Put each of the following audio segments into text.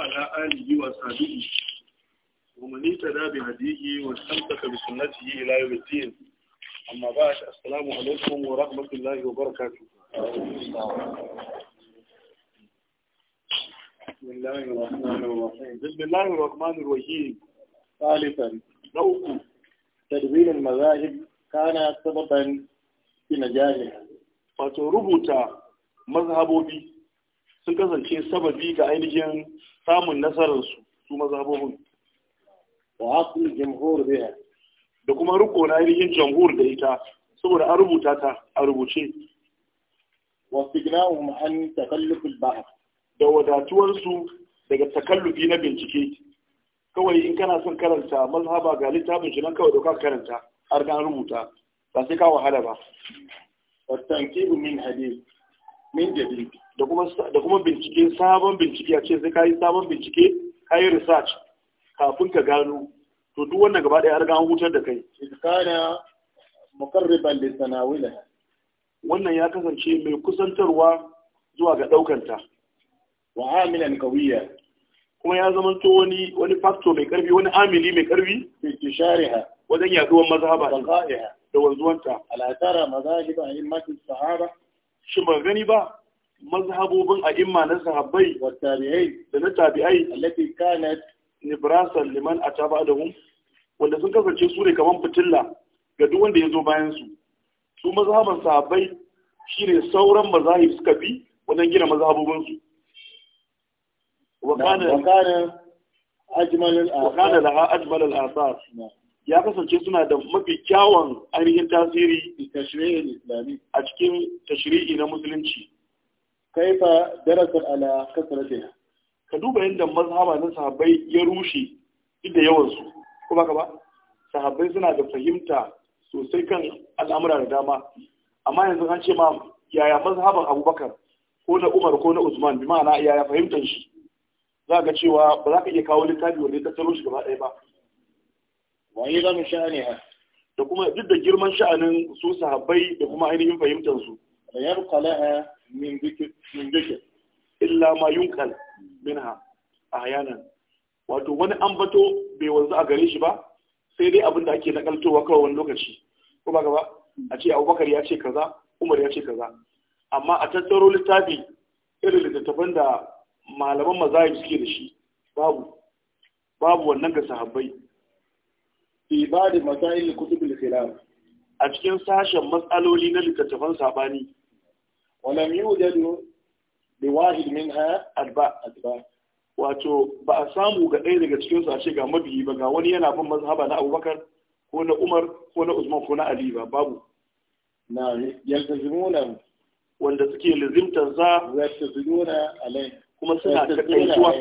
وعلى آله وصحبه ومن اهتدى بهديه واستمسك بسنته إلى يوم الدين أما بعد السلام عليكم ورحمة الله وبركاته بسم الله الرحمن الرحيم بسم الله الرحمن الرحيم ثالثا ذوق تدوين المذاهب كان سببا في نجاحها فتربط مذهبه sun kasance sababi ga ainihin samun nasararsu su mazhabobin wa asul jamhur biya da kuma riko na ainihin jamhur da ita saboda an rubuta ta a rubuce wa signahum an takalluf ba da wadatuwarsu daga takallufi na bincike kawai in kana son karanta mazhaba ga littafin shi nan kawai doka karanta har na rubuta ba sai ka wahala ba wa tanqibu min hadith min jadid da kuma bincike sabon bincike a ce sai ka yi sabon bincike ka yi research kafin ka gano to duk wannan gaba ɗaya an riga an hutar da kai kana muqarriban da sanawila wannan ya kasance mai kusantarwa zuwa ga ɗaukanta wa aminan qawiya kuma ya zama to wani wani factor mai karfi wani amili mai karfi tishariha wajen yaduwar mazhaba da wanzuwanta ala a yin a'immatu sahaba shi ba gani ba mazhabobin a imma na sahabbai da na tabi'ai Kanet, kanat nibrasan liman da ba'dahum wanda sun kasance su ne kaman fitilla ga duk wanda ya zo bayan su su mazhaban sahabbai shine sauran mazahib suka bi wajen gina mazhabobin su wa kana wa kana ajmal laha ajmal al-asar ya kasance suna da mafi kyawun ainihin tasiri a cikin tashiri na musulunci kaifa darasar ala kasaratiha ka duba yadda mazhaba na sahabbai ya rushe idan yawan su ko baka ba sahabbai suna da fahimta sosai kan al'amura da dama amma yanzu an ce ma yaya mazhaban Abubakar ko na Umar ko na Usman bi ma'ana yaya fahimtar shi za cewa ba za ka iya kawo littafi wanda ya tattaro shi gaba ɗaya ba wa yi zamu sha'aniha da kuma duk da girman sha'anin su sahabbai da kuma ainihin fahimtar su ya yarqa min zikir illa ma yunkal minha ahyanan wato wani ambato bai wanzu a gare shi ba sai dai abin da ake nakaltowa kawai wani lokaci ko ba gaba a ce abubakar ya ce kaza umar ya ce kaza amma a tattaro littafi irin littattafan da malaman mazahib suke da shi babu babu wannan ga sahabbai fi ba da masail kutubul khilaf a cikin sashen matsaloli na littattafan sabani ولم يوجد لواحد منها أتباع أتباع wato ba a samu ga ɗaya daga cikin a ce ga mabiyi ba ga wani yana bin mazhaba na Abubakar ko na Umar ko na Usman ko na Ali ba babu na yaltazimuna wanda suke lazimtar za yaltazimuna alai kuma suna takaituwa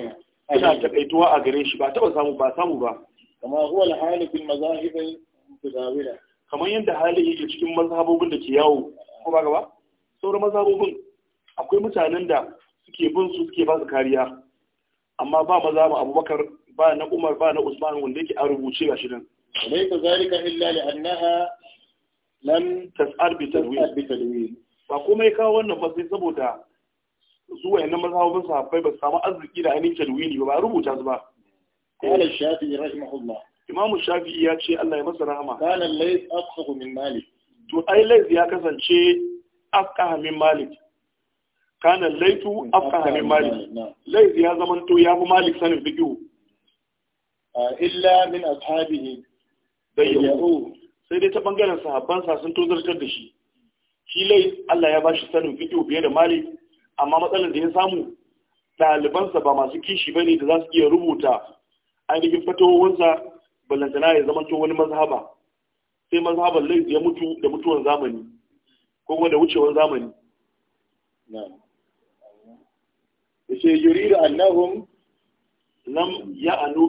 suna takaituwa a gare shi ba taba samu ba samu ba kama huwa alhali bil mazahib mutadawila kamar yadda hali yake cikin mazhabobin da ke yawo ko ba gaba sauran mazabobin akwai mutanen da suke bin su suke ba su kariya amma ba mazhabin abubakar ba na umar ba na usman wanda yake a rubuce ga shirin laysa zalika illa li annaha lam tas'ar bi tadwin ba kuma ya kawo wannan ba sai saboda zuwa yana mazhabin sahabbai ba samu arziki da ainihin tadwini ba ba rubuta su ba قال shafi'i رحمه Imamu إمام ya ce Allah ya masa رحمه كان الليث أفخر من mali. to ai Lais ya kasance afqaha min malik kana laitu afqaha min malik lait ya to ya fi malik sanin fiqh illa min ashabihi sai dai ta bangaren sahabban sa sun tozartar da shi shi lai Allah ya bashi sanin fiqh biye da malik amma matsalar da ya samu ɗalibansa ba masu kishi bane da za su iya rubuta ainihin fatowarsa balantana ya zamanto wani mazhaba sai mazhaban laif ya mutu da mutuwar zamani ko kuma da wucewar zamani ce yuri da annahum lam ya anu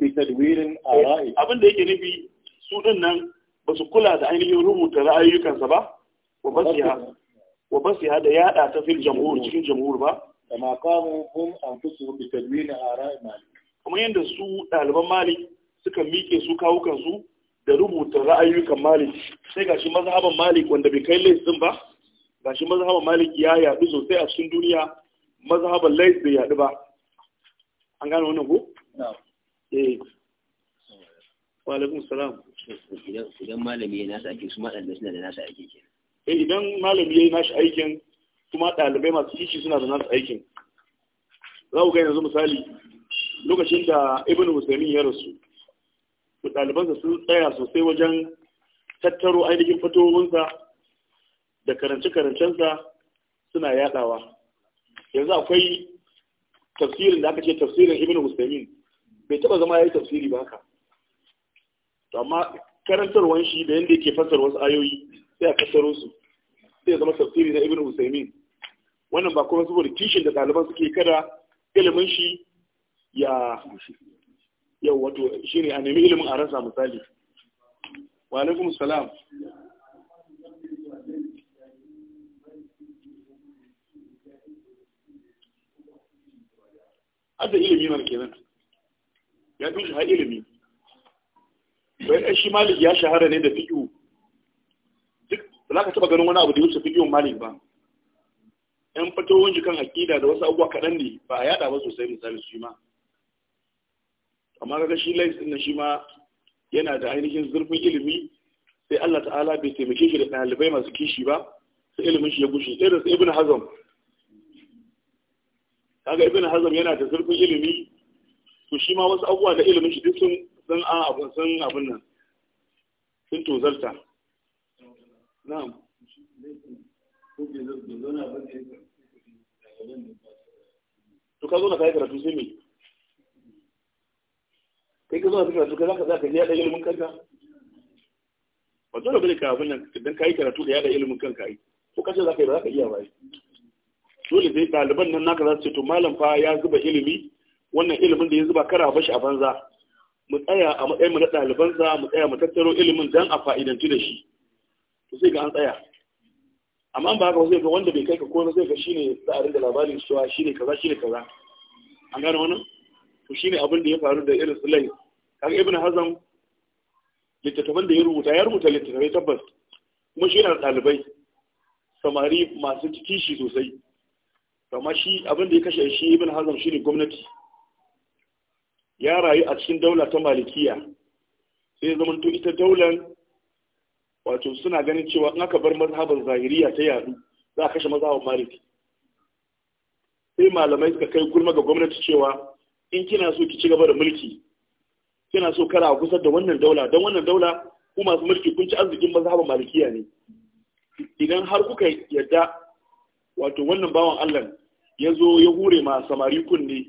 bi tadwirin eh, ara'i abin da yake nufi su din nan ba su kula da ainihin rubuta ra'ayyukansa ba wa ba su da yaɗa ta fil jamhur cikin jamhur ba kama kamu hum anfusuhum bi tadwin ara'i malik kuma yadda su daliban malik suka miƙe su kawukansu da rubuta ra'ayoyin malik sai gashi mazhaban malik wanda bai kai Lais din ba gashi mazhaban malik ya yaɗu sosai a cikin duniya mazhaban lais bai yaɗu ba an gane wannan ko eh wa alaikum salam idan malami ya nasa ake su ma suna da nasa ake ke eh idan malami ya yi nashi aikin kuma dalibai masu kishi suna da nasa aikin za ku ga yanzu misali lokacin da ibn Husaymin ya rasu to ɗalibansa sun tsaya sosai wajen tattaro ainihin fatowarsa da karance-karancensa suna yadawa yanzu akwai tafsirin da aka ce tafsirin ibn Husaymin bai taba zama yayi tafsiri ba haka to amma karantarwan shi da yanda yake fassara wasu ayoyi sai a fassaro su sai zama tafsiri na ibn Husaymin wannan ba kuma saboda kishin da ɗaliban suke kada ilimin shi ya yau wato shi ne a nemi ilimin a rasa misali wa alaikum salam da ilimi mara kenan ya fi shi har ilimi bayan shi malik ya shahara ne da fiƙo duk da za ka taɓa ganin wani abu da wuce fiƙon malik ba ‘yan fatowar jikan akida da wasu abubuwa kaɗan ne ba a yada ba sosai misali su yi ma amma kaga shi laifin na shi ma yana da ainihin zurfin ilimi sai Allah ta'ala bai taimake shi da ɗalibai masu kishi ba sai ilimin shi ya gushe irin su ibn hazm kaga ibn hazm yana da zurfin ilimi to shi ma wasu abubuwa da ilimin shi duk sun san abun san abun nan sun tozalta na'am to ka zo na kai karatu sai me kai ka zo a karatu ka zaka zaka yada ilimin kanka ba dole bane ka abin nan dan kai karatu ka yada ilimin kanka ai ko kace zaka yi ba zaka iya ba dole sai ɗaliban nan naka za su ce to malam fa ya zuba ilimi wannan ilimin da ya zuba kara bashi a banza mu tsaya a matsayin mu na ɗalibansa mu tsaya mu tattaro ilimin dan a fa'idanci da shi to sai ga an tsaya amma ba haka zai ga wanda bai kai ka ko sai ga shine za a rinda labarin cewa shine kaza shine kaza an gane wannan to shine abin da ya faru da irin su lai kaga ibn hazm littattafan da ya rubuta ya rubuta littattafai tabbas kuma shi yana ɗalibai samari masu kishi sosai amma shi abin da ya kashe shi ibn hazm shine gwamnati ya rayu a cikin daula ta malikiya sai ya zama ita daular wato suna ganin cewa in aka bar mazhabar zahiriya ta yadu za a kashe mazhabar maliki sai malamai suka kai gulma ga gwamnati cewa in kina so ki ci gaba da mulki kina so kara a kusa da wannan daula don wannan daula ku masu mulki kun ci arzikin mazhaban malikiya ne idan har kuka yadda wato wannan bawan Allah ya zo ya hure ma samari kunne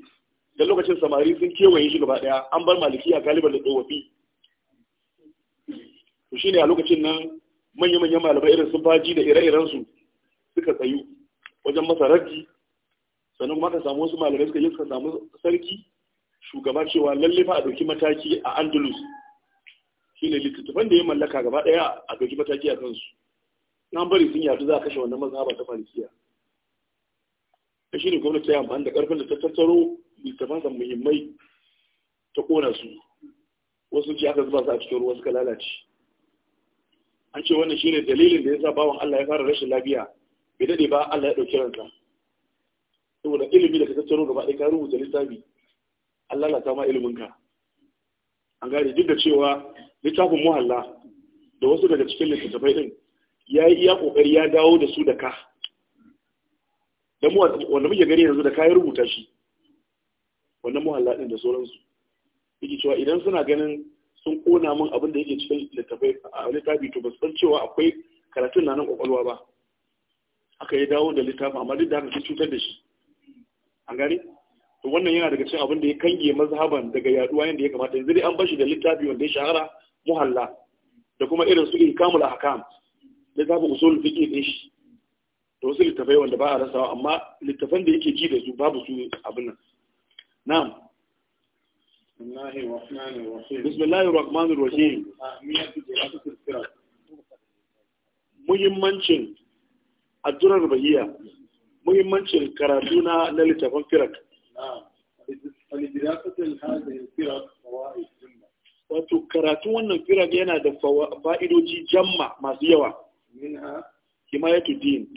da lokacin samari sun kewaye shi gaba daya an bar malikiya galiban da tsofaffi to shine a lokacin nan manya-manyan malamai irin su faji da ire-iren su suka tsayu wajen masa raddi sannan kuma ka samu wasu malamai suka yi suka samu sarki shugaba cewa lalle fa a ɗauki mataki a andalus shi ne littattafan da ya mallaka gaba ɗaya a ɗauki mataki a kansu na bari sun yadu za a kashe wannan mazhaba ta malikiya ta shi ne gwamnati ya amfani da ƙarfin da ta tattaro littattafansa muhimmai ta ƙona su wasu ce aka zuba su a cikin ruwa suka lalace an ce wannan shine dalilin da ya sa bawan Allah ya fara rashin lafiya bai daɗe ba Allah ya ɗauki ranka saboda ilimi da ka tattaro gaba ɗaya ka rubuta littafi lalata ma iliminka an gane duk da cewa littafin muhalla da wasu daga cikin littattafai din ya yi iya kokari ya dawo da su da ka da mu wanda muke gani yanzu da ka rubuta shi wannan muhalla din da sauransu yake cewa idan suna ganin sun kona min abin da yake cikin littattafai a littafi to ba san cewa akwai karatun na nan kwakwalwa ba aka yi dawo da littafin amma duk da haka sun cutar da shi an gane wannan yana daga cikin abin da ya kange mazhaban daga yaduwa yadda ya kamata yanzu dai an bashi da littafi wanda ya shahara muhalla da kuma irin su ikamul ahkam littafin usul fiqh din shi da wasu littafai wanda ba a rasawa amma littafan da yake ji da su babu su abin nan na'am bismillahir rahmanir rahim muhimmancin addurar bahiya muhimmancin karatu na littafin firak wato karatun wannan firar yana da fa'idoji jamma masu yawa himayatu din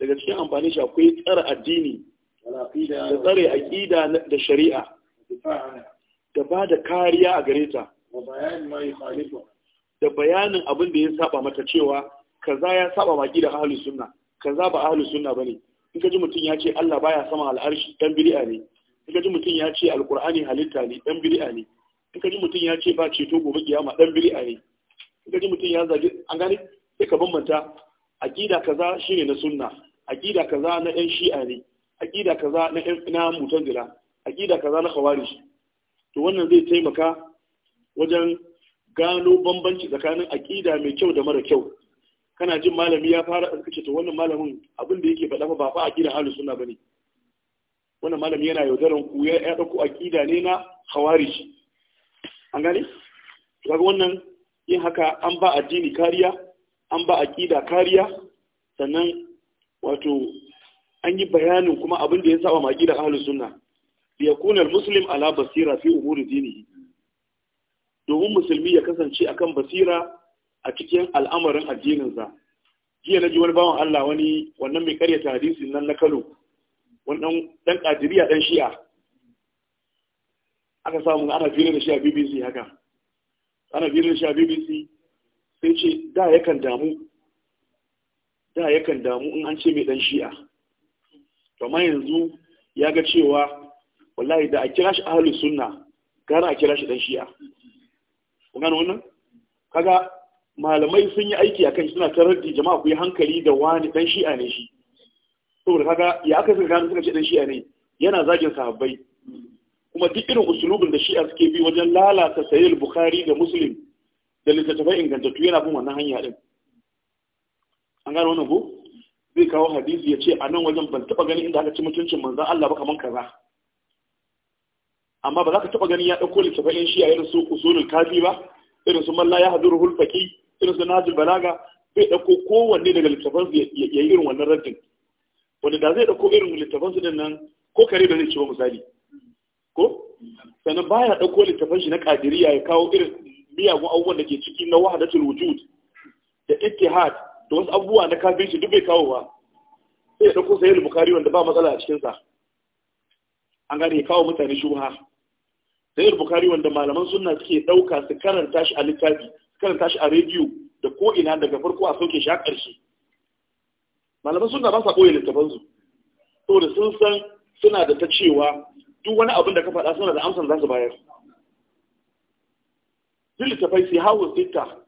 daga cikin amfani shi akwai tsara addini da tsare aƙida da shari'a da ba da kariya a gare ta da bayanin abin da ya saba mata cewa kaza ya saba maki da ahalus kaza ba ahalus ba ne. in ka ji mutum ya ce Allah baya sama al'arshi dan biri'a ne in ka ji mutum ya ce Alkur'ani halitta ne dan biri'a ne in ka ji mutum ya ce ba ceto gobe kiyama dan biri'a ne in ka ji mutum ya zage an gane sai ka bambanta aqida kaza shine na sunna aqida kaza na yan shi'a ne aqida kaza na yan na mutazila aqida kaza na khawarij to wannan zai taimaka wajen gano bambanci tsakanin aqida mai kyau da mara kyau kana jin malami ya fara an kace to wannan malamin abin da yake faɗa ba fa aqida halu sunna bane wannan malami yana yaudaran ku ya ya dauko akida ne na khawarij an gane to kaga wannan yin haka an ba addini kariya an ba akida kariya sannan wato an yi bayanin kuma abin da ya saba ma akida halu sunna liyakuna almuslim ala basira fi umuri dinihi domin musulmi ya kasance akan basira a cikin al'amarin addininsa jiya na ji wani bawan Allah wani wannan mai ta hadisi nan na Kano wannan dan kadiriya dan shi'a aka samu ana jira da shi a BBC haka ana jira da shi a BBC sai ce da yakan damu da yakan damu in an ce mai dan shi'a to amma yanzu ya ga cewa wallahi da a kira shi ahlus sunna gara a kira shi dan shi'a kun gano wannan kaga malamai sun yi aiki akan suna tarar da jama'a ku yi hankali da wani dan shi'a ne shi saboda kaga ya aka suka gano suka ce dan shi'a ne yana zagin sahabbai kuma duk irin usulubin da shi'a suke bi wajen lalata sayyid bukhari da muslim da littattafai ingantattu yana bin wannan hanya din an gano wannan ko zai kawo hadisi ya ce a nan wajen ban taba ganin inda aka ci mutuncin manzon Allah ba kaman kaza amma ba za ka taba ganin ya dauko littattafai shi'a irin su usulul kafi ba irin su man ya yahduru hulfaqi irin su najin balaga zai ɗauko kowanne daga su ya yi irin wannan rajin. wanda da zai ɗauko irin littafan su din nan ko kare da zai ci ba misali ko sannan baya ɗauko littafan shi na ƙadiriya ya kawo irin miyagun abubuwan da ke ciki na wahadatul wujud da ittihad da wasu abubuwa na kafirci duk bai kawo ba sai ya ɗauko sahih bukhari wanda ba matsala a cikin sa an gane ya kawo mutane shubha sahih bukhari wanda malaman sunna suke ɗauka su karanta shi a littafi kada tashi a rediyo da ko ina daga farko a sauke shi a ƙarshe malaman suna ba sa ɓoye littafansu da sun san suna da ta cewa duk wani abin da ka faɗa suna da amsan za su bayar duk littafai sai hawa sita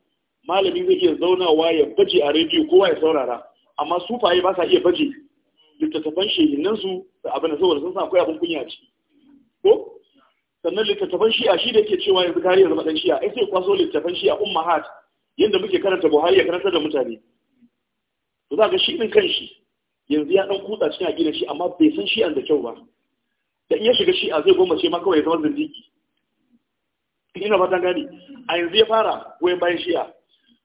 malami zai iya zaunawa ya baje a rediyo kowa ya saurara amma su faye ba sa iya baje littattafan shehinansu da abin da saboda sun san akwai abin kunya ciki sannan littattafan shi'a shi da yake cewa yanzu kare yanzu zama shi'a ai sai kwaso littattafan shi'a hat yanda muke karanta buhari ya karanta da mutane to za ga shi din kanshi yanzu ya dan kutsa cikin aqidar shi amma bai san shi'an da kyau ba da in ya shiga shi'a zai goma ce ma kawai ya zama zindiki ina fatan gani a yanzu ya fara goyon bayan shi'a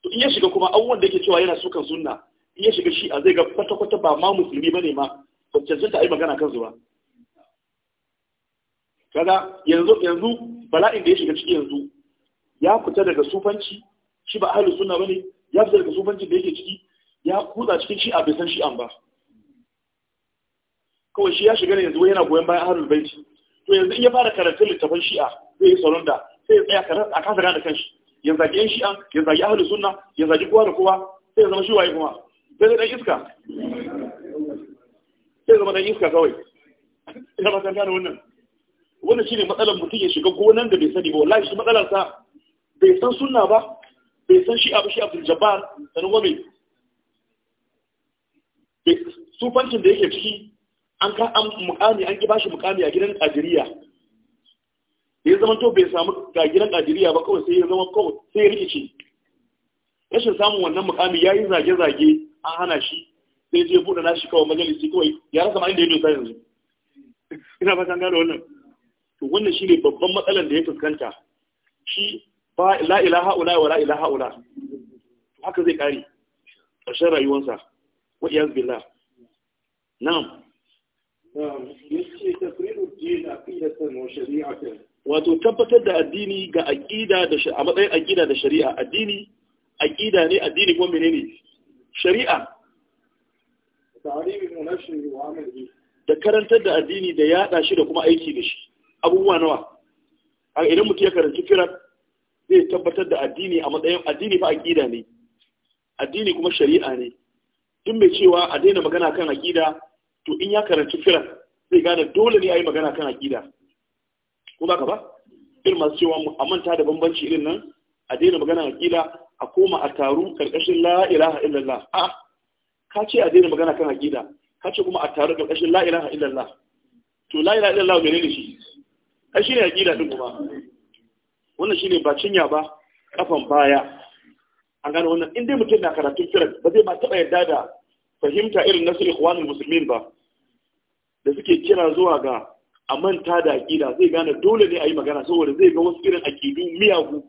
to in ya shiga kuma abubuwan da yake cewa yana sukan sunna in ya shiga shi'a zai ga kwata-kwata ba ma musulmi bane ma ba cancanta a yi magana kansu ba kaga yanzu yanzu bala'in da ya shiga ciki yanzu ya fita daga sufanci shi ba ahlus sunna bane ya fita daga sufanci da yake ciki ya kutsa cikin shi a bai san shi an ba kawai shi ya shiga ne yanzu yana goyon bayan ahlul baiti to yanzu in ya fara karatun littafin shi'a zai yi sauran da sai ya tsaya karatu a kasa gane kanshi ya zagi yan shi'an ya zagi ahlus sunna ya zagi kowa da kowa sai ya zama shi waye kuma sai dan iska sai zama dan iska kawai ina ba san kana wannan wannan shine matsalar mutum ya shiga gonan da bai sani ba wallahi shi matsalar sa bai san sunna ba bai san shi abu shi Abdul Jabbar sanin wa mai sufancin da yake ciki an ka an mukami an ki bashi mukami a gidan Kadiriya ya zama to bai samu ga gidan Kadiriya ba kawai sai ya zama kawai sai ya rikice rashin samun wannan mukami yayi zage-zage an hana shi sai je buɗe nashi kawai majalisi kawai ya rasa ma inda ya dosa yanzu ina san gano wannan to wannan shine babban matsalar da ya fuskanta shi ba la ilaha Ula, wa la ilaha Ula. haka zai kare ƙarshen rayuwarsa wa iyaz billah na'am wato tabbatar da addini ga aqida da a matsayin aqida da shari'a addini aqida ne addini kuma menene shari'a da karantar da addini da yada shi da kuma aiki da shi abubuwa nawa a idan mutum ya karanci firar zai tabbatar da addini a matsayin addini fa aƙida ne addini kuma shari'a ne duk mai cewa a daina magana kan aƙida to in ya karanci firar zai gane dole ne a yi magana kan aƙida ko ba ka ba irin masu cewa a manta da bambanci irin nan a daina magana aƙida a koma a taru karkashin la ilaha illallah a ka ce a daina magana kan aƙida ka ce kuma a taru karkashin la ilaha illallah to la ilaha illallah menene shi ai shine aqida din kuma wannan shine ba cinya ba kafan baya an gano wannan in dai mutum na karatun firak ba zai a taba yarda da fahimta irin nasu ikhwanul muslimin ba da suke kira zuwa ga a manta da aqida zai gane dole ne a yi magana saboda zai ga wasu irin aqidu miyagu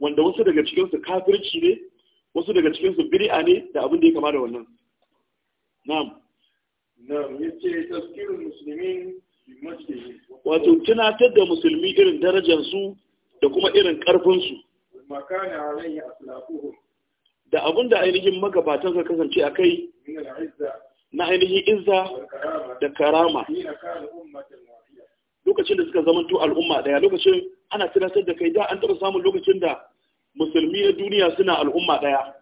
wanda wasu daga cikin su kafirci ne wasu daga cikin su bid'a ne da abin da ya kama da wannan na'am na'am yace tafsirul muslimin wato tunatar da musulmi irin darajarsu da kuma irin ƙarfinsu da abin da ainihin magabatan ka kasance a kai na ainihin izza da karama lokacin da suka zamanto al'umma daya lokacin ana tunatar da kai da an taɓa samun lokacin da musulmi na duniya suna al'umma daya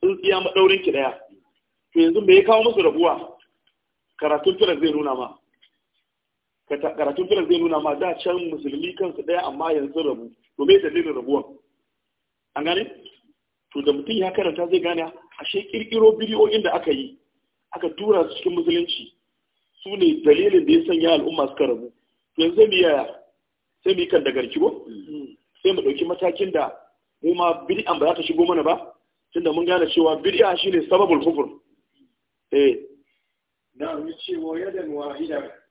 sun tsiya maɗaurinki daya to yanzu bai kawo musu rabuwa karatun tunan zai nuna ma karatun firar zai nuna ma da can musulmi kansu ɗaya amma yanzu rabu to me dalilin rabuwan an gane to da mutum ya karanta zai gane ashe kirkiro biriyoyin da aka yi aka tura su cikin musulunci su ne dalilin da ya sanya al'umma suka rabu to yanzu mu yaya sai mu yi kan da garki ko sai mu ɗauki matakin da mu ma bid'an ba za ta shigo mana ba tunda mun gane cewa bid'a shine sababul kufur eh da mu ce wa yadan wahida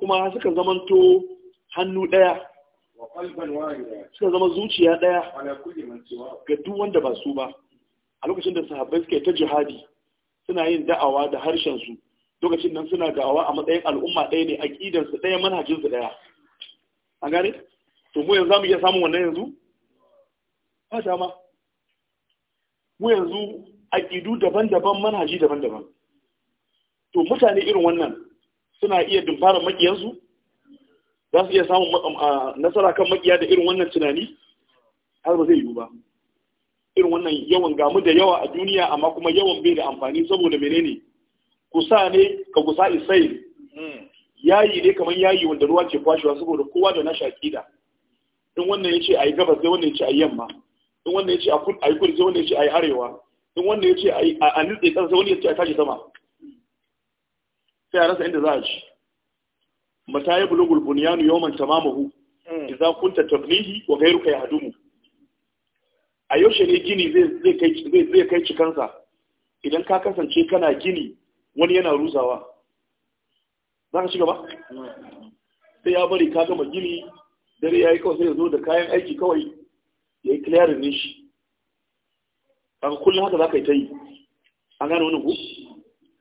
kuma suka zamanto hannu ɗaya suka zama zuciya ɗaya ga duk wanda ba su ba a lokacin da sahabbai suke ta jihadi suna yin da'awa da harshen su lokacin nan suna da'awa a matsayin al'umma ɗaya ne a ƙidansu ɗaya manhajinsu ɗaya a gane to mu yanzu za mu iya samun wannan yanzu ba dama mu yanzu a ƙidu daban-daban manhaji daban-daban to mutane irin wannan suna iya dumfarar makiyansu za su iya samun ah, nasara kan makiya da irin wannan tunani har ba zai yiwu ba irin wannan yawan gamu da yawa a duniya amma kuma yawan bai da amfani saboda menene kusa ne ka kusa isai yayi ne kamar yayi wanda ruwa ke kwashewa saboda kowa da na shakida in wannan ya a ayi gabas sai wannan a ayi yamma in wannan ce a kudu ayi kudu sai wannan a ayi arewa in wannan ya ce a nutse ƙasa sai wannan ce a tashi sama sai a rasa inda za a ci mata ya bulugul bunyanu yawman tamamahu hmm. idza kunta tabnihi wa ghayruka yahdumu a yaushe ne gini zai kai cikansa idan ka kasance kana gini wani yana rusawa za ka ci sai ya bari ka gama gini dare ya yi kawai sai ya zo da kayan aiki kawai ya yi clearin ne shi kullum haka za ka yi ta yi an gane wani ku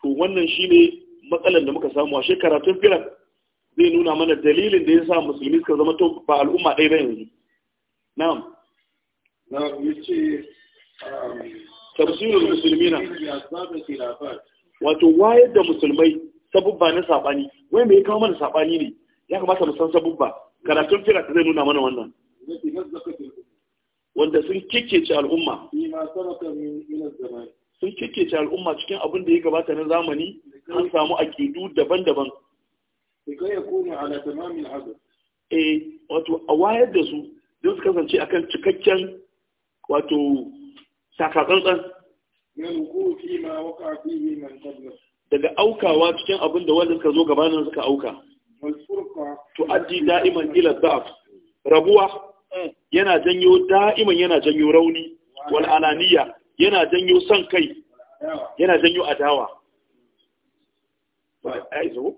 to wannan shi ne matsalar da muka samu a karatun firan zai nuna mana dalilin da ya sa musulmi suka zama to ba al'umma ɗaya ba yanzu na'am na yace um, tafsirul muslimina wato wayar da musulmai sabubba na sabani wai me ya kawo mana sabani ne ya kamata mu san sabubba karatun firak zai nuna mana wannan wanda sun kikkece al'umma sun kikkece al'umma cikin abin da ya gabata na zamani an samu aƙidu daban-daban eh wato a wayar da su don su kasance akan cikakken wato sakatsantsan daga aukawa cikin abin da wanda suka zo gabanin suka auka to aji da'iman ila da'af rabuwa yana janyo da'iman yana janyo rauni wal ananiya yana janyo son kai yana janyo adawa Thank you. ko?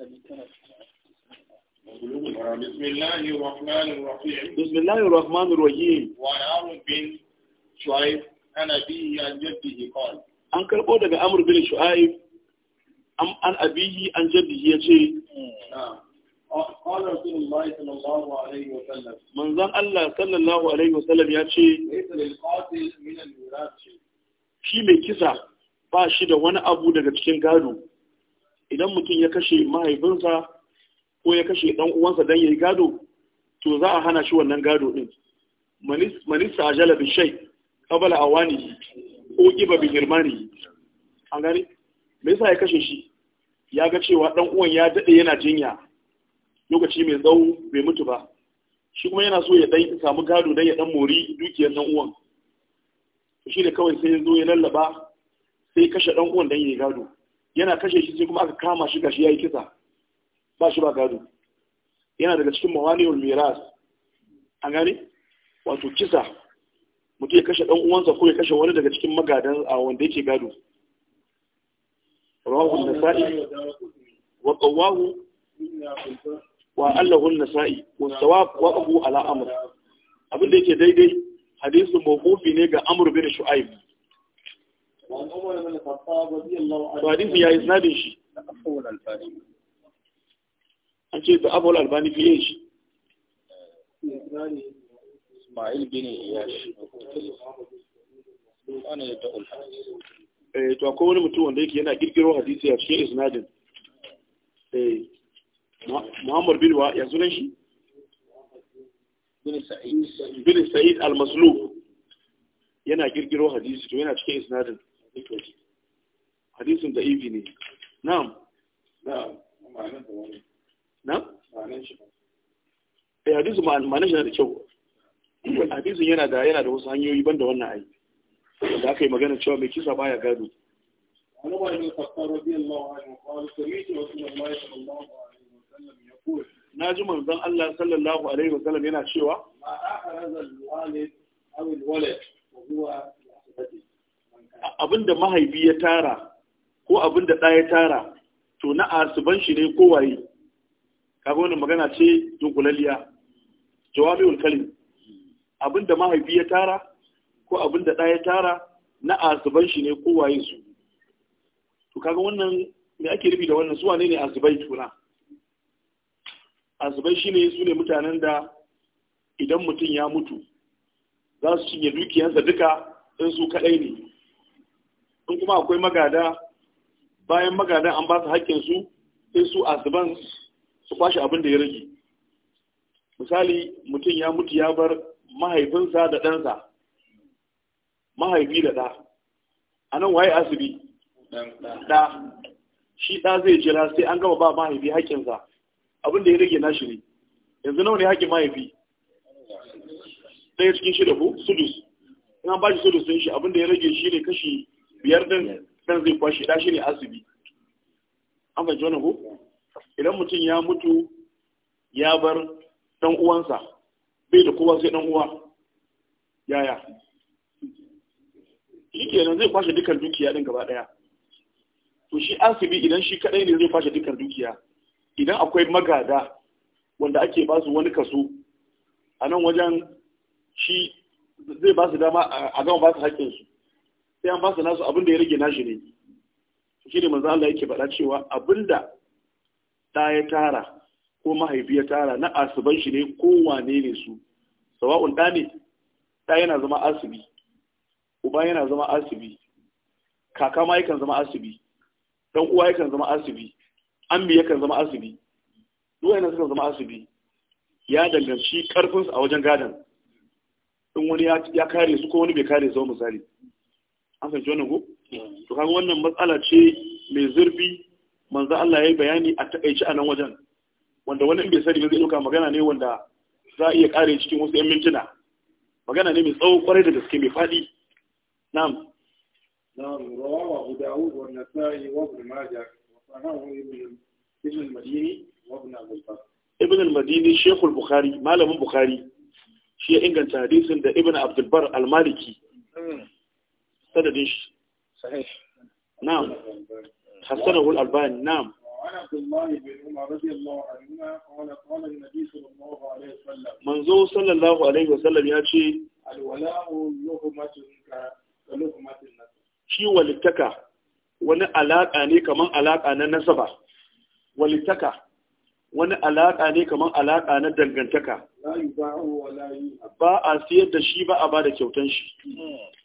بسم الله الرحمن الرحيم بسم الله الرحمن الرحيم بن شعيب عن جده قال an karɓo daga amur bin shu'aib an abihi an jaddihi ya ce manzan Allah sallallahu alaihi wasallam ya ce shi mai kisa ba shi da wani abu daga cikin gado idan mutum ya kashe mahaifinsa ko ya kashe ɗan uwansa don ya yi gado to za a hana shi wannan gado ɗin manista a jalabi shai kabala a wani ko ƙiba bi girmani an gani me yasa ya kashe shi ya ga cewa ɗan uwan ya daɗe yana jinya lokaci mai tsawo bai mutu ba shi kuma yana so ya samu gado don ya ɗan mori dukiyar ɗan uwan shi ne kawai sai ya zo ya lallaba sai kashe ɗan uwan don ya yi gado yana kashe shi sai kuma aka kama shi gashi yayi kisa ba shi ba gado yana daga cikin mawaniyul miras an gane wato kisa mutum ya kashe dan uwansa ko ya kashe wani daga cikin magadan a wanda yake gado rawahu nasai wa qawahu wa allahu nasai wa sawab wa abu ala amr abin da yake daidai hadisin mawqufi ne ga amr bin shu'aib Hadisi ya yi sinadin shi. An ce da Abul Albani fiye shi. Ismail bin Iyash. Ana yadda Eh to akwai wani mutum wanda yake yana girgiro hadisi a cikin isnadin. Eh Muhammad bin wa ya sunan shi? Bin Sa'id. Bin Sa'id al-Maslub. Yana girgiro hadisi to yana cikin isnadin. hadisin da ibi ne na'am na'am eh shi na da kyau hadisin yana da yana wasu hanyoyi banda wannan ai da aka yi magana cewa mai kisa baya gado na ji manzon allah رضي yana cewa ma'a a al-walid abin walet walad zuwa abin da mahaifi ya tara ko abin ɗa ya tara to na asuban shi ne kowaye kaga wani magana ce dunkulaliya jawabul abin da mahaifi ya tara ko abin ɗa ya tara na asuban shi ne kowaye su to kaga wannan me ake rubi da wannan su wane ne asubai tuna asubai shine su ne mutanen da idan mutum ya mutu za su cinye dukiyansa duka in su kaɗai ne sun kuma akwai magada bayan magadan an ba su haƙƙinsu sai su asiban su kwashe abin da ya rage misali mutum ya mutu ya bar mahaifinsa da ɗansa mahaifi da ɗa a nan waye asibi ɗa shi ɗa zai jira sai an gama ba mahaifi haƙƙinsa abin da ya rage nashi ne yanzu nawa ne haƙƙin mahaifi ɗaya cikin shi da ku? sudus in an ba shi sudus ɗin shi abin da ya rage shi ne kashi biyar din dan zai kwashe da shi ne asibi an fahimci wannan ko idan mutum ya mutu ya bar dan uwansa bai da kowa sai dan uwa yaya shi kenan zai kwashe dukkan dukiya din gaba daya to shi asibi idan shi kadai ne zai kwashe dukkan dukiya idan akwai magada wanda ake ba su wani kaso a nan wajen shi zai ba su dama a gama ba su haƙƙinsu sai an fasa nasu abin da ya rage nashi ne shi ne manzo Allah yake faɗa cewa abinda ta ya tara ko mahaifi ya tara na asuban shi ne ko wane ne su sawa'un ɗa ne ta yana zama asibi uba yana zama asibi kaka ma yakan zama asibi dan uwa yakan zama asibi ammi yakan zama asibi duk yana suka zama asibi ya danganci karfinsu a wajen gadon, in wani ya kare su ko wani bai kare su misali aka ji wani ko to kaga wannan matsala ce mai zurfi manzo Allah ya yi bayani a takaici a nan wajen wanda wani bai sani ba zai dauka magana ne wanda za a iya kare cikin wasu 'yan mintuna magana ne mai tsawo kwarai da gaske mai faɗi na'am نعم رواه أبو داود والنسائي Bukhari, ماجه وصنعه shi ya inganta hadisin da ibn abdulbar almaliki mm. sanadin shi na'am hasanahu al-albani na'am manzo sallallahu alaihi wasallam ya ce shi walittaka wani alaƙa ne kamar alaƙa na nasaba walittaka wani alaƙa ne kamar alaƙa na dangantaka ba a siyar da shi ba a ba da kyautan shi hmm.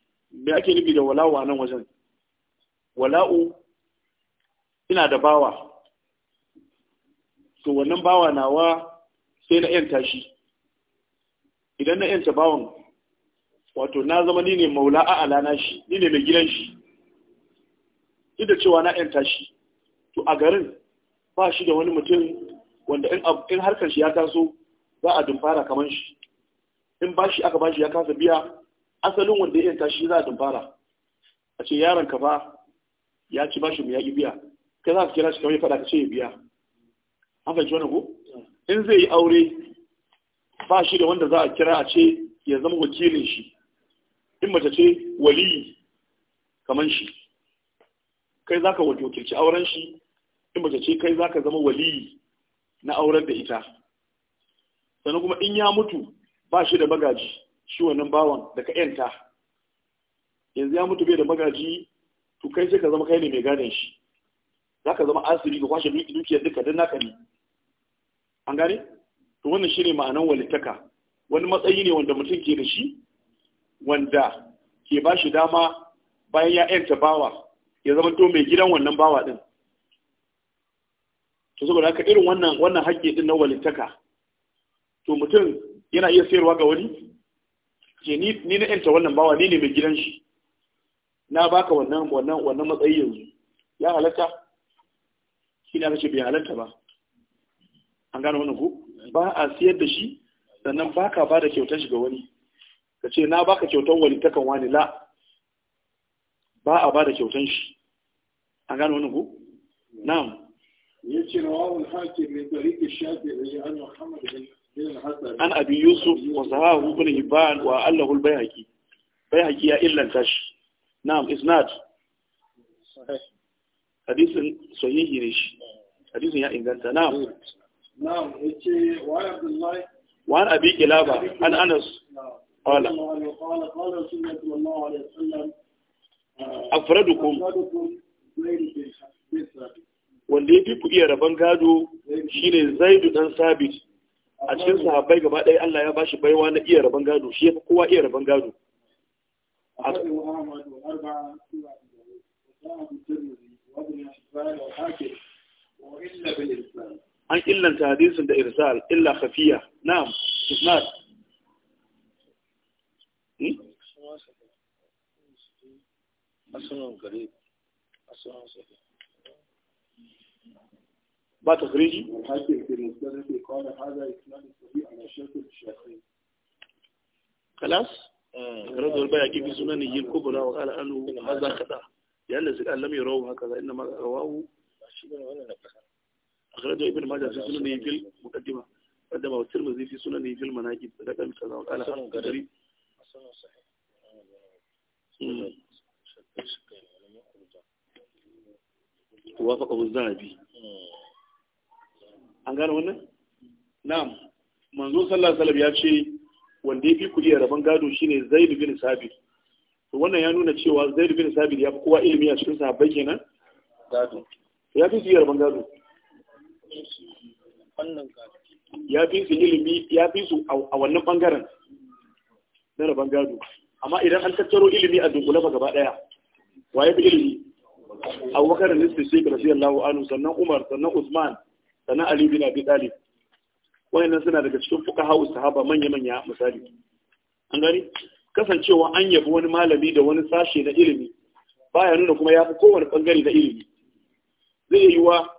me ake nufi da wala'u a nan wajen wala'u ina da bawa to wannan bawa nawa sai na yanta shi idan na yanta bawan wato na zama ni ne maula a alana shi ni ne mai gidan shi duk da cewa na yanta shi to a garin ba shi da wani mutum wanda in harkar shi ya taso za a dumfara kamar shi in ba shi aka ba shi ya kasa biya asalin wanda ya tashi za a dumfara a ce yaron ka ba ya ci bashi mu ya biya kai za ka kira shi kamar ya faɗa ka ce ya biya an fahimci wani ko in zai yi aure ba shi da wanda za a kira a ce ya zama wakilin shi in mace ce waliyi kamar shi kai za ka wakilci auren shi in mace ce kai za ka zama waliyi na auren da ita sannan kuma in ya mutu ba shi da bagaji shi wannan bawan da ka yanta yanzu ya mutu bai da magaji to kai sai ka zama kai ne mai gadon shi za ka zama asiri ka kwashe dukiyar duka don naka ne an gane to wannan shi ne ma'anan walittaka wani matsayi ne wanda mutum ke da shi wanda ke ba shi dama bayan ya yanta bawa ya zama to mai gidan wannan bawa din to saboda haka irin wannan wannan haƙƙi din na walittaka to mutum yana iya sayarwa ga wani ke ni na yanta wannan bawa ni ne mai gidan shi na baka wannan wannan wannan matsayi yanzu ya halatta shi na ce bai halatta ba an gano wannan ku ba a siyar da shi sannan baka ba da kyautar shi ga wani ka ce na baka kyautar wani takan wani la ba a ba da kyautar shi an gano wannan ku na'am yace rawahul hakim min tariqi shafi'i an muhammad bin an abi yusuf wa sahahu ibn hibban wa allahu albayhaqi bayhaqi ya illanta shi na'am is not hadisin sahihi ne shi hadisin ya inganta na'am na'am yace wa abdullahi wa an abi kilaba an anas qala qala qala sallallahu alaihi wasallam afradukum uh, wanda ya fi ku iya rabon gado shine zaidu dan sabit a cikin sahabbai gaba ɗaya Allah ya bashi baiwa na iya rabon gado shi yafi kowa iya rabon gado an illanta hadisin da irsal illa khafiya na'am isnad hmm? aslan gare aslan sahih ما ta خلاص آه. خلاص رد البيعقي في سننه الكبرى وقال أنه هذا خطأ لأن الزكاة لم يروه هكذا إنما رواه أخرجه ابن ماجه في سننه في المقدمة قدم الترمذي في سننه في المناجد رقم كذا وقال حسن قدري وافقه الذهبي an gane wannan na'am manzo sallallahu alaihi ya ce wanda ya fi ku iya rabon gado shine zaid bin sabit to wannan ya nuna cewa zaid bin sabit ya fi kowa ilimi a cikin sahabbai kenan gado ya fi su iya rabon gado ya fi su ilimi ya fi su a wannan bangaren na rabon gado amma idan an tattaro ilimi a dunkule ba gaba daya waye fi ilimi abubakar ne nisfi sai ga rasu sannan umar sannan usman Sana Ali bin Abi Talib wayannan suna daga cikin fuqaha sahaba manya manya misali an gani kasancewa an yabi wani malami da wani sashe na ilimi baya nuna kuma ya fi kowane bangare na ilimi zai yi wa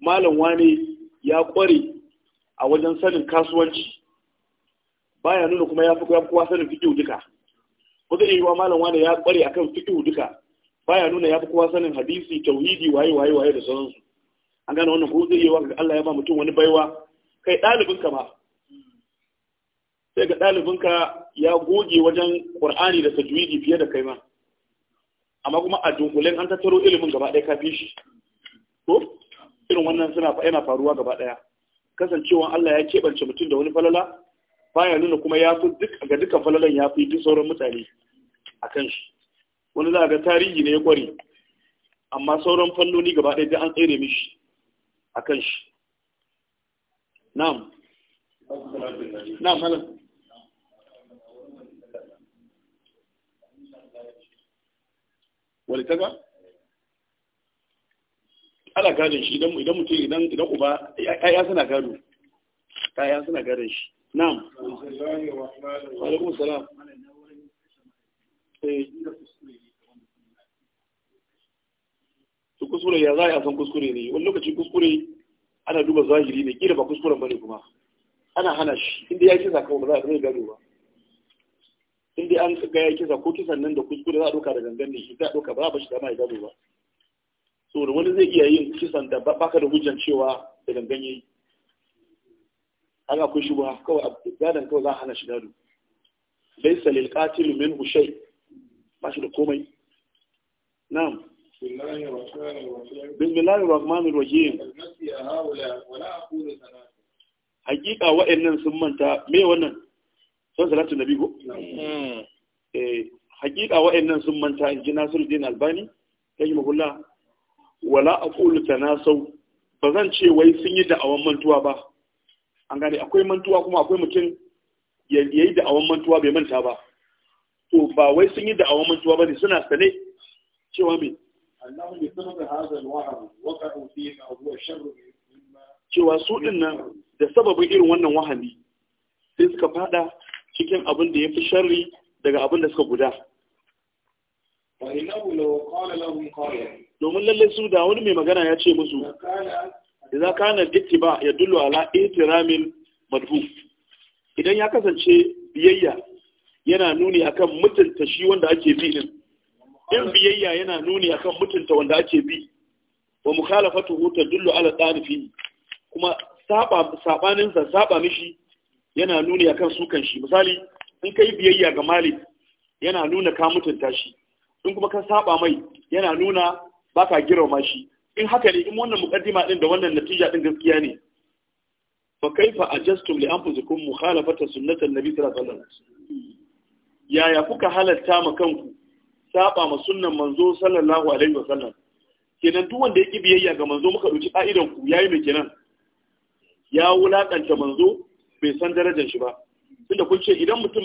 malam wani ya kware a wajen sanin kasuwanci baya nuna kuma ya fi kowa sanin fikihu duka ko zai yi wa malam wani ya kware akan fikihu duka baya nuna ya fi kowa sanin hadisi tauhidi waye waye waye da sauransu an gane wannan ko zai yi wa Allah ya ba mutum wani baiwa kai ɗalibinka ma sai ga ɗalibinka ya goge wajen ƙur'ani da tajwidi fiye da kai ma amma kuma a dunkulen an tattaro ilimin gaba ɗaya ka shi ko irin wannan suna yana faruwa gaba ɗaya kasancewan Allah ya keɓance mutum da wani falala baya nuna kuma ya fi duk ga dukkan falalan ya fi duk sauran mutane a kan shi wani za ga tarihi ne ya kware amma sauran fannoni gaba ɗaya an tsere mishi a kan shi na'am na'am malam wani taga ana gadon shi idan mutum idan uba ya suna gado ya suna gadon shi na'am alaikum salam eh su kuskure ya za a san kuskure ne wani lokaci kuskure ana duba zahiri ne kila ba kuskuren bane kuma ana hana shi inda ya kisa kawai ba za a zai gano ba inda an ga ya kisa ko kisan nan da kuskure za a doka da gangan ne shi za a doka ba ba shi dama ya gano ba da wani zai iya yin kisan da baka da hujjan cewa da gangan yi. haka akwai shi ba kawai gadon kawai za a hana shi gado laisa lil qatil min hushay ba shi da komai na'am بسم الله الرحمن الرحيم حقيقه wa'annan sun manta me wannan sun salatu nabi ko hmm. eh hakika wa'annan sun manta in ji Nasiruddin Albani kai mahulla wala aqulu tanasau bazan ce wai sun yi da'awan mantuwa ba an gane akwai mantuwa kuma akwai mutum yayi da'awan mantuwa bai manta ba to ba wai sun yi da'awan mantuwa bane suna sane cewa me hadha cewa su dinnan da sababin irin wannan wahani sai suka fada cikin abin da yafi sharri daga abin da suka guda domin lallai su da wani mai magana ya ce musu idza kana ittiba yadullu ala ihtiramil madhu idan ya kasance biyayya yana nuni akan mutunta shi wanda ake bi din in biyayya yana nuni akan mutunta wanda ake bi wa huta dullu ala tanifi kuma saba sabanin sa saba mishi yana nuni akan sukan shi misali in kai biyayya ga malik yana nuna ka mutunta shi in kuma ka saba mai yana nuna baka girma shi in haka ne in wannan mukaddima din da wannan natija din gaskiya ne fa kaifa ajastum li anfusikum mukhalafata sunnatan nabi sallallahu alaihi wasallam yaya kuka halatta ma kanku saba ma sunnan manzo sallallahu alaihi wasallam kenan duk wanda yake biyayya ga manzo muka dauki ka'idan ku yayi mai kenan ya wulakanta manzo bai san darajar shi ba tunda kun ce idan mutum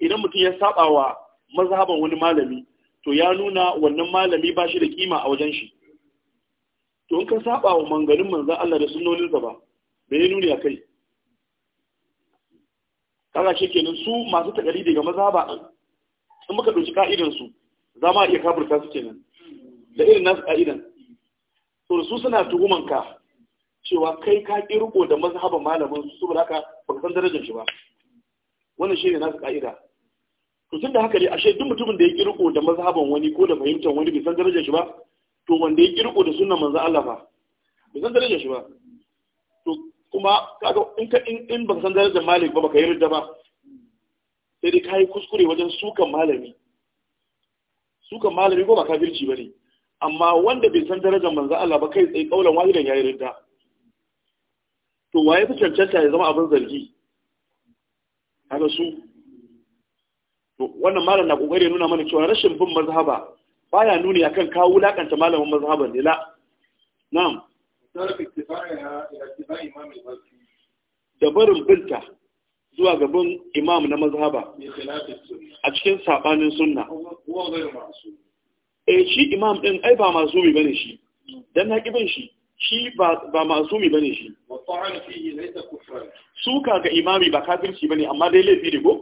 idan mutum ya saba wa mazhaban wani malami to ya nuna wannan malami ba shi da kima a wajen shi to in ka saba wa manganin manzo Allah da sa ba bai nuni a kai kaga ce kenan su masu takari daga mazhaba din in muka dauki ka'idan su za ma iya kafirta su kenan da irin nasu ka'idan to su suna tuhuman ka cewa kai ka ƙirƙo da mazhaba malamin su saboda haka baka san darajar shi ba wannan shine nasu ka'ida to tun da haka ne ashe duk mutumin da ya ƙirƙo da mazhaban wani ko da fahimtar wani bai san darajar shi ba to wanda ya ƙirƙo da sunan manzo Allah ba bai san darajar shi ba to kuma kaga in ka in baka san darajar malik ba baka yarda ba sai dai kai kuskure wajen sukan malami kan malami ko ba kafirci ba ne amma wanda bai san darajar manzo Allah ba kai tsaye kaulan wahidan yi rinta. to waye fi cancanta ya zama abin zargi haka su to wannan malam na kokari nuna mana cewa rashin bin mazhaba baya nuni akan kawo wulakanta malamin mazhaba ne la na'am da barin binta zuwa gaban imam na mazhaba a cikin sabanin sunna E shi imam din ai ba masumi bane shi dan na kibin shi shi ba masumi bane shi suka ga imami ba kafirci bane amma dai laifi da go?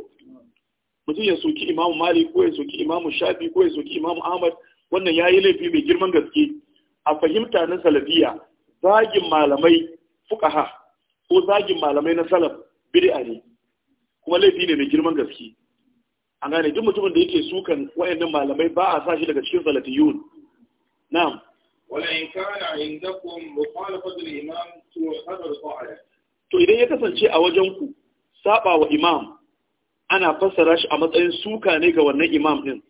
mutum ya soki imamu malik ko ya soki imamu shafi ko ya soki imamu ahmad wannan ya yi laifi mai girman gaske a fahimta na salafiya zagin malamai fukaha ko zagin malamai na salaf bid'a ne kuma laifi ne mai girman gaske an gane duk mutumin da yake sukan wayannan malamai ba a sa shi daga cikin salatiyun na'am wala in kana indakum mukhalafatu al-imam hadar qa'ala to idan ya kasance a wajen ku saba wa imam ana fassara shi a matsayin suka ne ga wannan imam din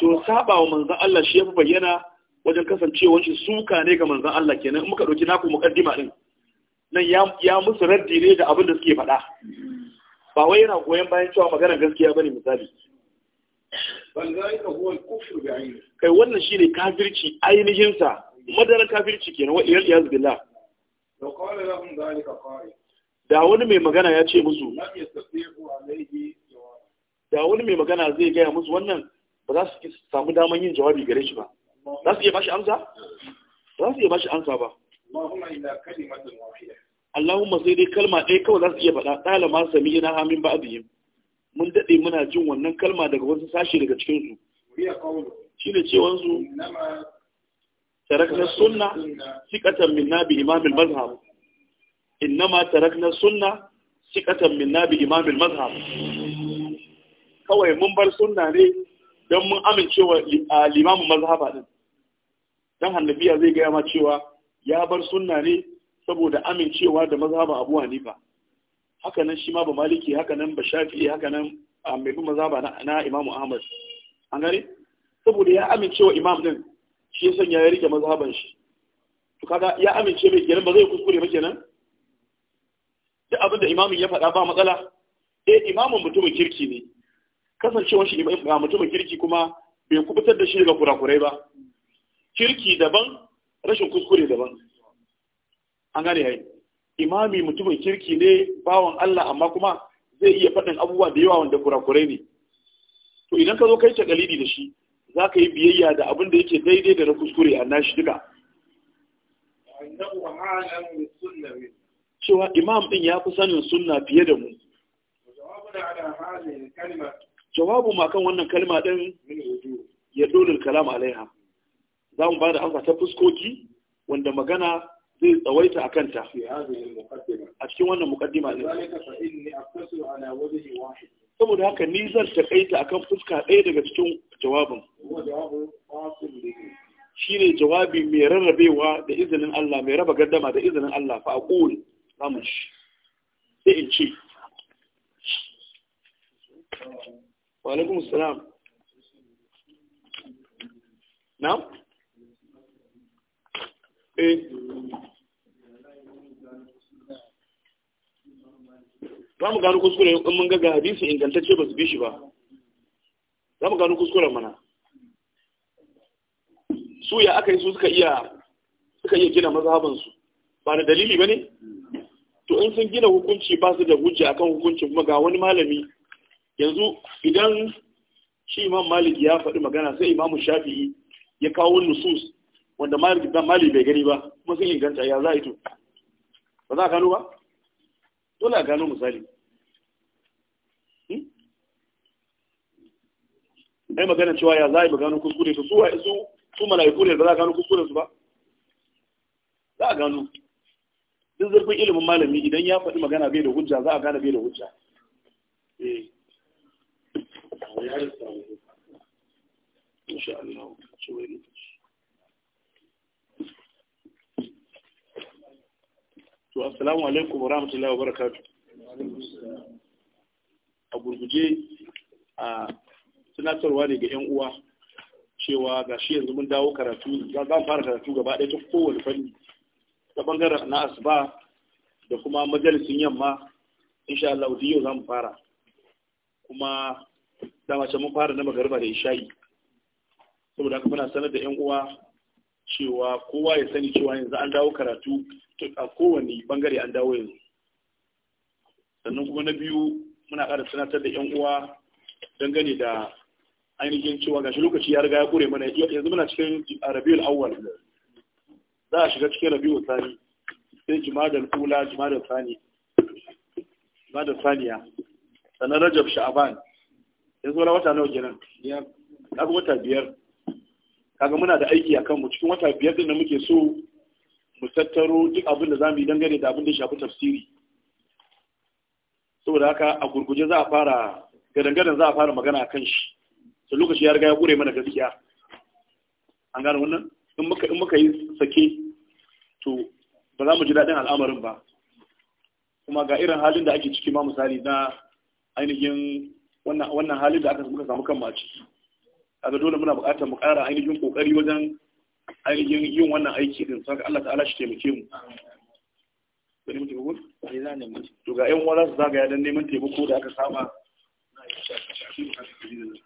to saba wa manzon Allah shi ya fi bayyana wajen kasancewa shi suka ne ga manzon Allah kenan in muka dauki naku mukaddima din nan ya musu raddi ne da abin da suke faɗa ba wai yana goyon bayan cewa maganar gaskiya bane misali kai wannan shine kafirci ainihin sa madaran kafirci kenan wa iyal iyaz billah da wani mai magana ya ce musu da wani mai magana zai gaya musu wannan ba za su samu daman yin jawabi gare shi ba za su iya bashi amsa ba za su iya bashi amsa ba kalimatun wahida Allahumma sai dai kalma ɗaya kawai za su iya faɗa ɗala ma sami yana hamin ba abin mun daɗe muna jin wannan kalma daga wasu sashi daga cikin su shi ne ce su tarakna sunna sikatan minna bi imam al-mazhab innama tarakna sunna sikatan minna bi imam mazhab kawai mun bar sunna ne don mun amincewa limamin mazhaba din dan hannabiya zai gaya ma cewa ya bar sunna ne saboda amincewa da mazhaban abu hanifa haka nan shi ma ba maliki haka nan ba shafi'i haka nan mai bin mazhaba na imamu ahmad an gane saboda ya amincewa imam din shi ya sanya ya rike mazhaban shi to kaga ya amince mai kenan ba zai kuskure ba kenan duk abin da imamin ya faɗa ba matsala eh imamin mutumin kirki ne kasancewar shi ba mutumin kirki kuma bai kubutar da shi daga kurakurai ba kirki daban rashin kuskure daban an gane yayi imami mutumin kirki ne bawan Allah amma kuma zai iya faɗin abubuwa da yawa wanda kurakurai ne to idan ka zo kai shagalidi da shi za ka yi biyayya da abin da yake daidai da na kuskure a nashi duka cewa imam din ya fi sanin sunna fiye da mu jawabu kan wannan kalma din ya dolin kalam alaiha za mu ba da amsa ta fuskoki wanda magana zai tsawaita a kanta a cikin wannan mukaddima ne saboda haka ni zan takaita akan fuska ɗaya daga cikin jawabin shine jawabi mai rarrabewa da izinin Allah mai raba gardama da izinin Allah fa aqul zamu ci sai in ce wa alaikum assalam na'am eh za mu gano kuskure in mun ga hadisi ingantacce ba su bi shi ba za mu gano kuskuren mana su ya aka yi su suka iya gina mazhabansu ba da dalili ba ne to in sun gina hukunci ba su da hujja akan hukuncin kuma ga wani malami yanzu idan shi imam malik ya faɗi magana sai imamu shafi'i ya kawo nusus wanda mali bai gani ba kuma sun inganta ya za a ito ba za a gano ba dole a gano misali hmm? ai magana cewa ya za a yi magano kuskure su su su mala'iku ne ba za a gano kuskure su ba za a gano duk zurfin ilimin malami idan ya faɗi magana bai da hujja za a gane bai da hujja إن eh. Allah الله wani to assalamu alaikum wa rahmatullahi wa barakatu a gurguje a tunatarwa ne ga 'yan uwa cewa ga shi yanzu mun dawo karatu za mu fara karatu gaba ɗaya ta kowane fanni ta bangaren na asuba da kuma majalisin yamma insha Allah duk yau za mu fara kuma dama can mun fara na magarba da ishayi saboda haka muna sanar da 'yan uwa cewa kowa ya sani cewa yanzu an dawo karatu a kowane bangare an dawo yanzu sannan kuma na biyu muna ƙara sanatar da yan uwa dangane da ainihin cewa gashi lokaci ya riga ya kure mana yanzu muna cikin rabiul awwal za a shiga cikin rabiul thani sai jimadal kula jimadal thani jimadal thaniya sannan rajab sha'aban yanzu wala wata nawa kenan kaga wata biyar kaga muna da aiki a kanmu cikin wata biyar din da muke so mu tattaro duk abin da za mu yi dangane da abin da shafi tafsiri saboda haka a gurguje za a fara gadangadan za a fara magana a kan shi da lokaci ya riga ya ƙure mana gaskiya an gane wannan in muka yi sake to ba za mu ji daɗin al'amarin ba kuma ga irin halin da ake ciki ma misali na ainihin wannan halin da aka muka samu kan mace kaga dole muna buƙatar mu ƙara ainihin ƙoƙari wajen ainihin yin wannan aiki din saka Allah ta'ala shi taimake mu bari mu taimako za ne to ga su zagaya dan neman taimako da aka saba na a